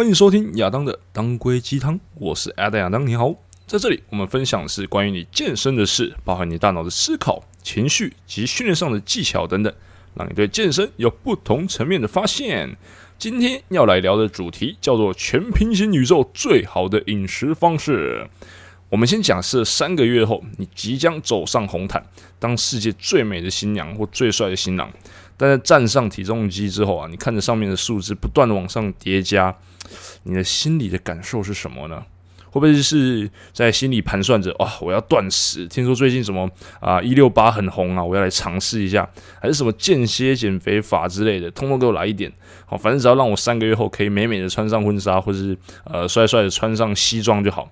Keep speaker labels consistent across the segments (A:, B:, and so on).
A: 歡迎收聽亞當的當歸雞湯，我是 Adam 亞當，你好，在這裡我們分享的是關於你健身的事，包含你大腦的思考、情緒及訓練上的技巧等等，讓你對健身有不同層面的發現。今天要來聊的主題叫做全平行宇宙最好的飲食方式。我們先假設三個月後，你即將走上紅毯，當世界最美的新娘或最帥的新郎。但在站上體重機之後啊，你看着上面的數字不斷的往上疊加，你的心裡的感受是什麼呢？會不會是在心裡盤算着啊、哦，我要斷食？聽說最近什麼啊168很紅啊，我要來嘗試一下，還是什麼間歇減肥法之類的，通通給我來一點。好、哦，反正只要讓我三個月後可以美美的穿上婚紗，或者是呃帥帥的穿上西裝就好。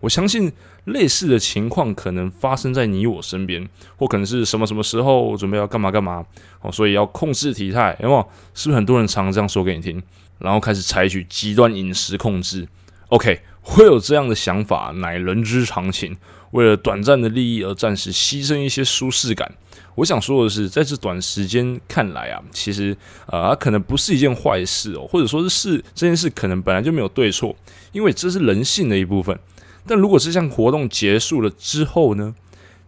A: 我相信類似的情況可能發生在你我身邊，或可能是什麼什麼時候我準備要幹嘛幹嘛哦，所以要控制體態，有沒有？是不是很多人常常這樣說給你聽，然後開始採取極端飲食控制？OK，會有這樣的想法乃人之常情。為了短暫的利益而暫時犧牲一些舒適感，我想說的是，在這短時間看來啊，其實、呃、啊它可能不是一件壞事哦，或者說是這件事可能本來就沒有對錯，因為這是人性的一部分。但如果這項活動結束了之後呢，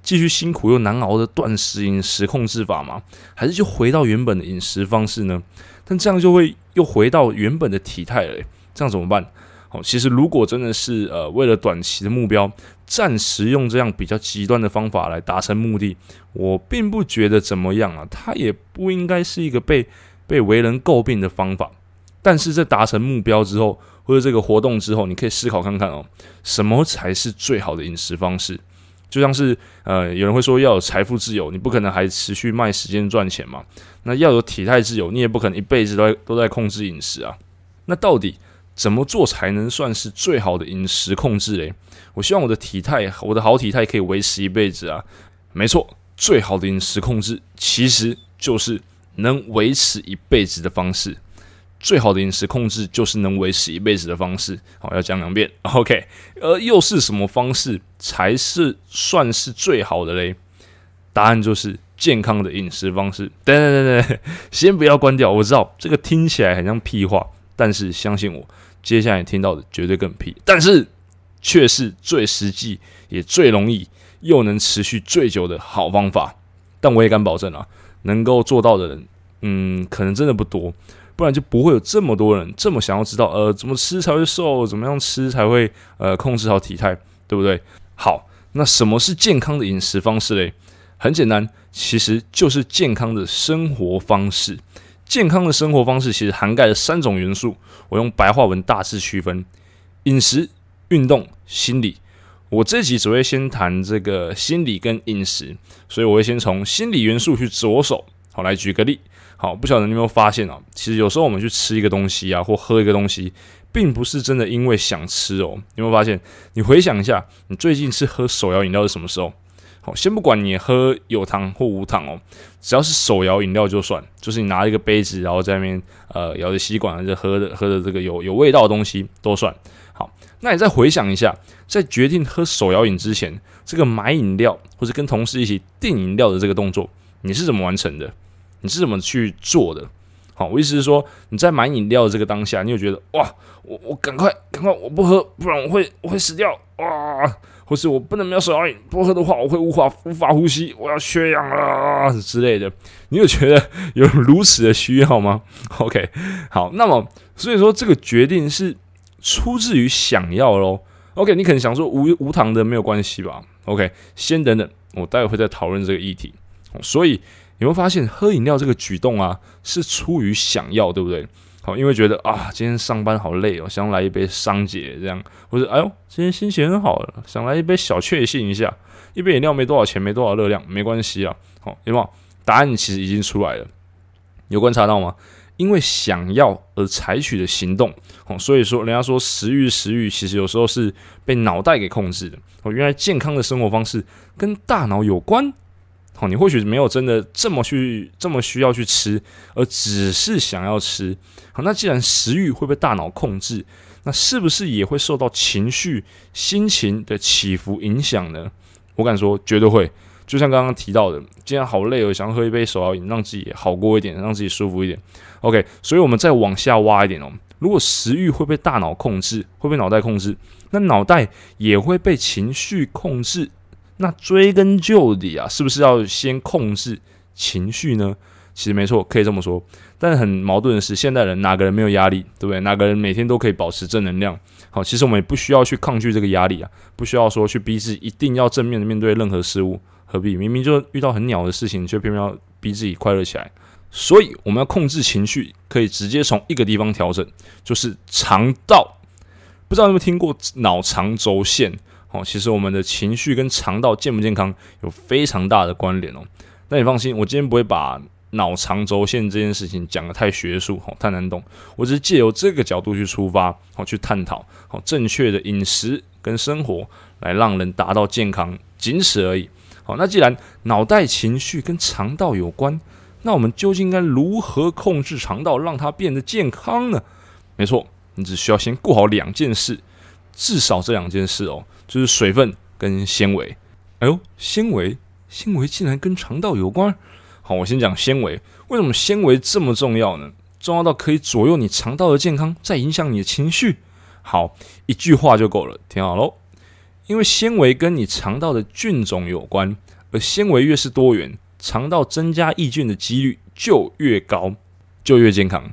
A: 繼續辛苦又難熬的斷食飲食控制法嗎，還是就回到原本的飲食方式呢？但這樣就會又回到原本的體態了欸。這樣怎麼辦？好，其實如果真的是呃為了短期的目標，暫時用這樣比較極端的方法來達成目的，我並不覺得怎麼樣啊，它也不應該是一個被被為人詬病的方法。但是在達成目標之後。或者這個活動之後，你可以思考看看哦，什麼才是最好的飲食方式？就像是呃，有人會說要有財富自由，你不可能還持續賣時間賺錢嘛？那要有體態自由，你也不可能一輩子都在都在控制飲食啊。那到底怎麼做才能算是最好的飲食控制咧？我希望我的體態，我的好體態可以維持一輩子啊。沒錯，最好的飲食控制其實就是能維持一輩子的方式。最好的飲食控制就是能維持一輩子的方式。好，要講兩遍。OK，而又是什麼方式才是算是最好的嘞？答案就是健康的飲食方式。等等等等，先不要關掉。我知道這個聽起來很像屁話，但是相信我，接下來聽到的絕對更屁，但是卻是最實際也最容易又能持續最久的好方法。但我也敢保證啊，能夠做到的人，嗯，可能真的不多。不然就不會有這麼多人這麼想要知道，呃，怎麼吃才會瘦，怎麼樣吃才會呃控制好體態，對不對？好，那什麼是健康的飲食方式嘞？很簡單，其實就是健康的生活方式。健康的生活方式其實涵蓋了三種元素，我用白話文大致區分：飲食、運動、心理。我這集只會先談這個心理跟飲食，所以我會先從心理元素去着手。好，來舉個例。好，不曉得你有沒有發現哦？其實有時候我們去吃一個東西啊，或喝一個東西，並不是真的因為想吃哦。你有沒有發現？你回想一下，你最近是喝手搖飲料是什麼時候？好，先不管你喝有糖或無糖哦，只要是手搖飲料就算，就是你拿一個杯子，然後在那邊呃咬着吸管，就喝着喝着這個有有味道的東西都算。好，那你再回想一下，在決定喝手搖飲之前，這個買飲料或者跟同事一起訂飲料的這個動作，你是怎麼完成的？你是怎麼去做的？好，我意思是說，你在買飲料的這個當下，你有覺得哇，我我趕快趕快，快我不喝，不然我會我會死掉哇，或是我不能沒有水，不喝的話我會無法無法呼吸，我要缺氧了之類的，你有覺得有如此的需要嗎？OK，好，那麼所以說這個決定是出自於想要咯。OK，你可能想說無無糖的沒有關係吧？OK，先等等，我待會會再討論這個議題，所以。有沒有發現喝飲料這個舉動啊，是出於想要，對不對？好，因為覺得啊，今天上班好累哦，想來一杯桑解這樣，或者哎呦，今天心情很好，想來一杯小確幸一下，一杯飲料沒多少錢，沒多少熱量，沒關係啊。好，有沒有？答案其實已經出來了，有觀察到嗎？因為想要而採取的行動，哦，所以說人家說食慾、食慾其實有時候是被腦袋給控制的。哦，原來健康的生活方式跟大腦有關。哦，你或許沒有真的這麼去，這麼需要去吃，而只是想要吃。好，那既然食欲會被大腦控制，那是不是也會受到情緒、心情的起伏影響呢？我敢說，絕對會。就像剛剛提到的，既然好累，我想要喝一杯手搖飲，讓自己好過一點，讓自己舒服一點。OK，所以我們再往下挖一點哦。如果食欲會被大腦控制，會被腦袋控制，那腦袋也會被情緒控制。那追根究底啊，是不是要先控制情緒呢？其實沒錯，可以這麼說。但很矛盾的是，現代人哪個人沒有壓力，對不對？哪個人每天都可以保持正能量？好，其實我們也不需要去抗拒這個壓力啊，不需要說去逼自己一定要正面的面對任何事物，何必明明就遇到很鳥的事情，卻偏偏要逼自己快樂起來？所以我們要控制情緒，可以直接從一個地方調整，就是腸道。不知道有沒有聽過腦腸軸線？哦，其實我們的情緒跟腸道健不健康有非常大的關聯哦。那你放心，我今天不會把腦腸軸線這件事情講得太學術，好，太難懂。我只是借由這個角度去出發，好，去探討，好，正確的飲食跟生活來讓人達到健康，僅此而已。好，那既然腦袋情緒跟腸道有關，那我們究竟該如何控制腸道，讓它變得健康呢？沒錯，你只需要先顧好兩件事，至少這兩件事哦。就是水分跟纖維。哎呦，纖維，纖維竟然跟腸道有關！好，我先講纖維，為什麼纖維這麼重要呢？重要到可以左右你腸道的健康，再影響你的情緒。好，一句話就夠了，聽好嘍。因為纖維跟你腸道的菌種有關，而纖維越是多元，腸道增加益菌的幾率就越高，就越健康。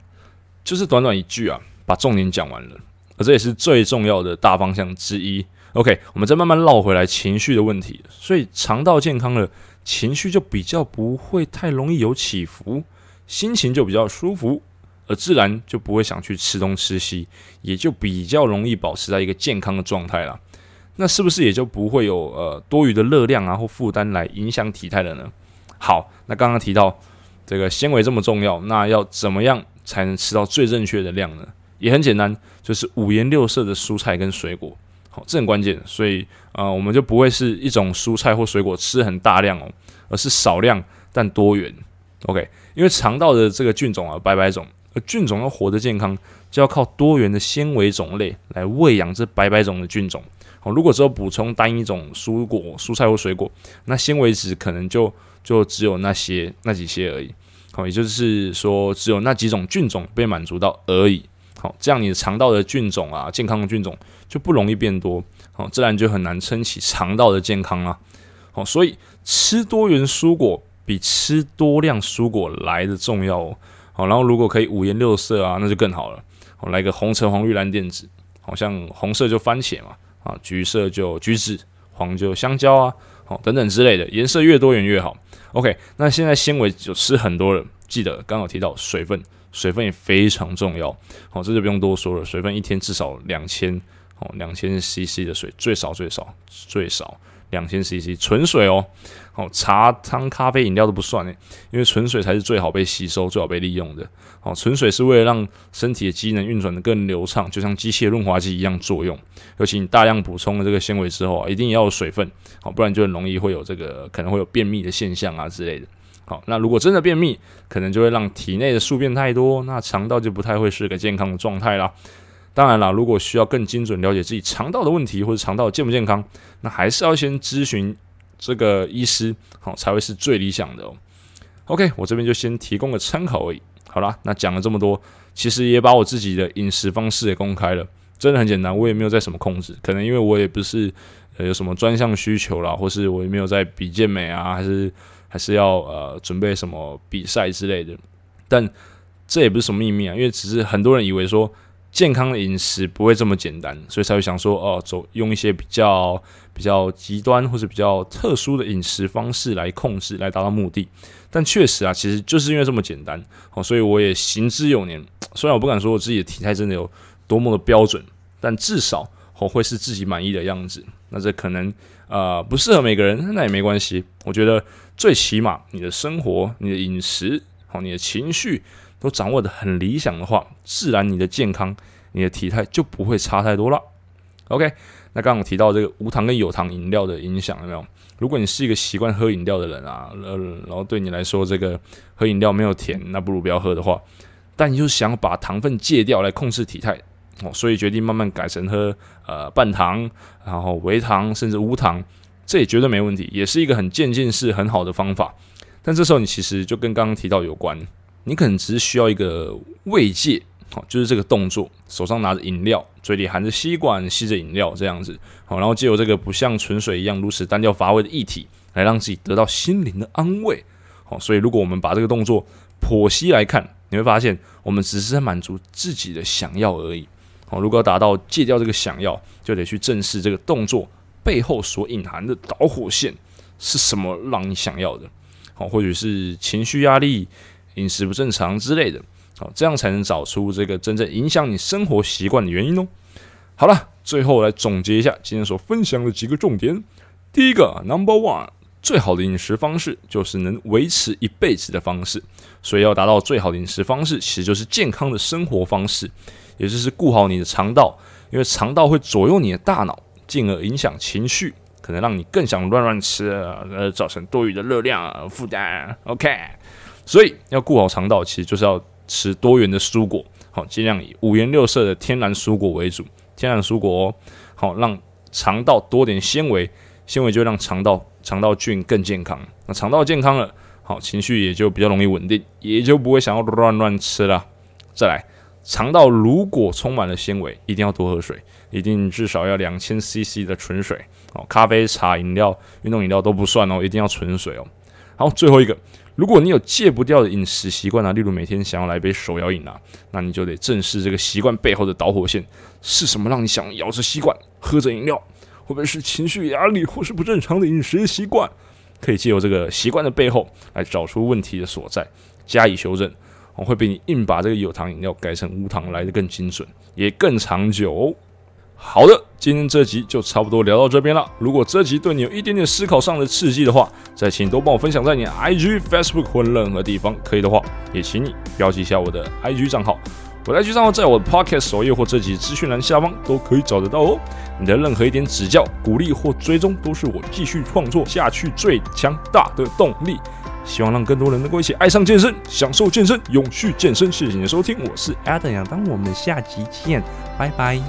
A: 就是短短一句啊，把重點講完了，而這也是最重要的大方向之一。OK，我們再慢慢繞回來情緒的問題，所以腸道健康了，情緒就比較不會太容易有起伏，心情就比較舒服，呃，自然就不會想去吃東吃西，也就比較容易保持在一個健康的狀態了。那是不是也就不會有呃多餘的熱量啊或負擔來影響體態了呢？好，那剛剛提到這個纖維這麼重要，那要怎麼樣才能吃到最正確的量呢？也很簡單，就是五顏六色的蔬菜跟水果。好，這很關鍵，所以呃，我們就不會是一種蔬菜或水果吃很大量哦，而是少量但多元。OK，因為腸道的這個菌種啊，百百種，而菌種要活得健康，就要靠多元的纖維種類來餵養這百百種的菌種。好，如果只有補充單一種蔬果、蔬菜或水果，那纖維質可能就就只有那些那幾些而已。好，也就是說，只有那幾種菌種被滿足到而已。好，這樣你的腸道的菌種啊，健康的菌種就不容易變多，好，自然就很難撐起腸道的健康啊。好，所以吃多元蔬果比吃多量蔬果來得重要。哦。好，然後如果可以五顏六色啊，那就更好了。好，來一個紅橙黃綠藍靛紫，好像紅色就番茄嘛，啊，橘色就橘子，黃就香蕉啊，好，等等之類的，顏色越多元越好。OK，那現在纖維就吃很多了，記得剛剛提到水分。水分也非常重要，好、哦，這就不用多說了。水分一天至少兩千哦，兩千 CC 的水，最少最少最少兩千 CC 純水哦，哦，茶湯、咖啡、飲料都不算嘞，因為純水才是最好被吸收、最好被利用的。哦，純水是為了讓身體的機能運轉得更流暢，就像機械潤滑劑一樣作用。尤其你大量補充了這個纖維之後啊，一定也要有水分，哦，不然就很容易會有這個可能會有便秘的現象啊之類的。好，那如果真的便秘，可能就會讓體內的宿便太多，那腸道就不太會是個健康的狀態啦。當然啦，如果需要更精準了解自己腸道的問題或者腸道健不健康，那還是要先諮詢這個醫師，好，才會是最理想的喔。OK，我這邊就先提供個參考而已。好啦，那講了這麼多，其實也把我自己的飲食方式也公開了，真的很簡單，我也沒有在什麼控制，可能因為我也不是呃有什麼專項需求啦，或是我也沒有在比健美啊，還是。還是要呃準備什麼比賽之類的，但這也不是什麼秘密啊，因為其實很多人以為說健康的飲食不會這麼簡單，所以才會想說哦、呃、走用一些比較比較極端或者比較特殊的飲食方式來控制來達到目的。但確實啊，其實就是因為這麼簡單哦，所以我也行之有年。雖然我不敢說我自己的體態真的有多麼的標準，但至少我、哦、會是自己滿意的樣子。那這可能，呃，不適合每個人，那也沒關係。我覺得最起碼你的生活、你的飲食、好，你的情緒都掌握得很理想的話，自然你的健康、你的體態就不會差太多了。OK，那剛剛我提到這個無糖跟有糖飲料的影響，有沒有？如果你是一個習慣喝飲料的人啊，呃，然後對你來說，這個喝飲料沒有甜，那不如不要喝的話，但你就是想把糖分戒掉來控制體態。哦，所以決定慢慢改成喝呃半糖，然後微糖，甚至無糖，這也絕對沒問題，也是一個很漸進式很好的方法。但這時候你其實就跟剛剛提到有關，你可能只是需要一個慰藉。哦，就是這個動作，手上拿着飲料，嘴裡含着吸管，吸着飲料這樣子，哦，然後借由這個不像純水一樣如此單調乏味的液體，來讓自己得到心靈的安慰。哦，所以如果我們把這個動作剖析來看，你會發現，我們只是在滿足自己的想要而已。如果要達到戒掉這個想要，就得去正視這個動作背後所隱含的導火線是什麼讓你想要的。好，或許是情緒壓力、飲食不正常之類的。好，這樣才能找出這個真正影響你生活習慣的原因哦、喔。好了，最後來總結一下今天所分享的幾個重點。第一個，Number One，最好的飲食方式就是能維持一輩子的方式，所以要達到最好的飲食方式，其實就是健康的生活方式。也就是顧好你的腸道，因為腸道會左右你的大腦，進而影響情緒，可能讓你更想亂亂吃，呃，造成多餘的熱量負擔。OK，所以要顧好腸道，其實就是要吃多元的蔬果，好，盡量以五顏六色的天然蔬果為主，天然蔬果哦，好，讓腸道多點纖維，纖維就讓腸道腸道菌更健康。那腸道健康了，好，情緒也就比較容易穩定，也就不會想要亂亂吃了。再來。腸道如果充滿了纖維，一定要多喝水，一定至少要兩千 CC 的純水哦。咖啡、茶、飲料、運動飲料都不算哦，一定要純水哦。好，最後一個，如果你有戒不掉的飲食習慣啊，例如每天想要來杯手搖飲啊，那你就得正視這個習慣背後的導火線是什麼，讓你想咬着吸管喝着飲料，或者是情緒壓力，或是不正常的飲食習慣，可以借由這個習慣的背後來找出問題的所在，加以修正。我會比你硬把這個有糖飲料改成無糖來得更精準，也更長久哦。好的，今天這集就差不多聊到這邊了。如果這集對你有一點點思考上的刺激的話，再請多幫我分享在你 IG、Facebook 或任何地方。可以的話，也請你標記一下我的 IG 賬號。我的 IG 賬號在我的 Podcast 首頁或這集資訊欄下方都可以找得到哦。你的任何一點指教、鼓勵或追蹤，都是我繼續創作下去最強大的動力。希望讓更多人能夠一起愛上健身、享受健身、永續健身。謝謝你的收聽，我是 Adam 亞當，我們下集見，拜拜。